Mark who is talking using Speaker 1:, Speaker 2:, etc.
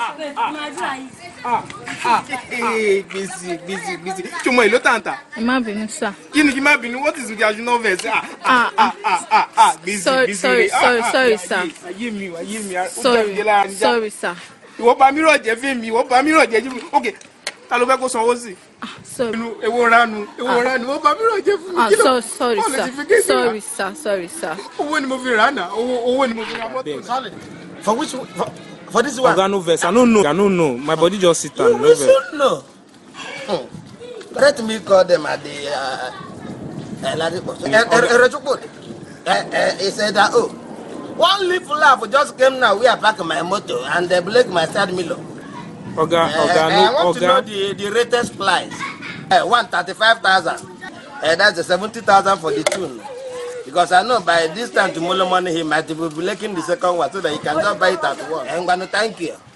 Speaker 1: gbèsè
Speaker 2: gbèsè gbèsè ṣùgbọ́n èlò tàǹtà. ẹ má bínú sá. kí ni kí má bínú what is with your novel sá. gbèsè gbèsè rẹ sorry sorry ah, sá. ayé ah, ah, mi ayé mi sorry sorry
Speaker 3: sá.
Speaker 1: ìwọ bá mi rọ̀jẹ̀ fún mi ìwọ bá mi rọ̀jẹ̀ fún mi ok ta ló fẹ́ kó sanwó sí.
Speaker 3: ewo ranu ewo ranu
Speaker 1: ó bá mi ràn jẹ
Speaker 4: fún mi kí ló sorry sir sorry
Speaker 3: sir sorry sir.
Speaker 4: owó ni mo fi rà náà owó ni mo fi ra mọ́tò náà.
Speaker 3: for which for, for this one. oga no
Speaker 5: vex i no know i no know my body just sit down no you should
Speaker 6: know hmm. let me call them at the uh, uh, erechukwu eh, eh, eh, he said that oh one leaf laugh just came now where i park my motor and they break my side mirror.
Speaker 7: oga oga i want oga. to know
Speaker 6: the the latest price uh, one thirty-five thousand uh, that's the seventy thousand for the tune because I know by this time tomorrow morning he might be breaking the second one so that he can just buy it at once. I'm Ngwanu, thank you.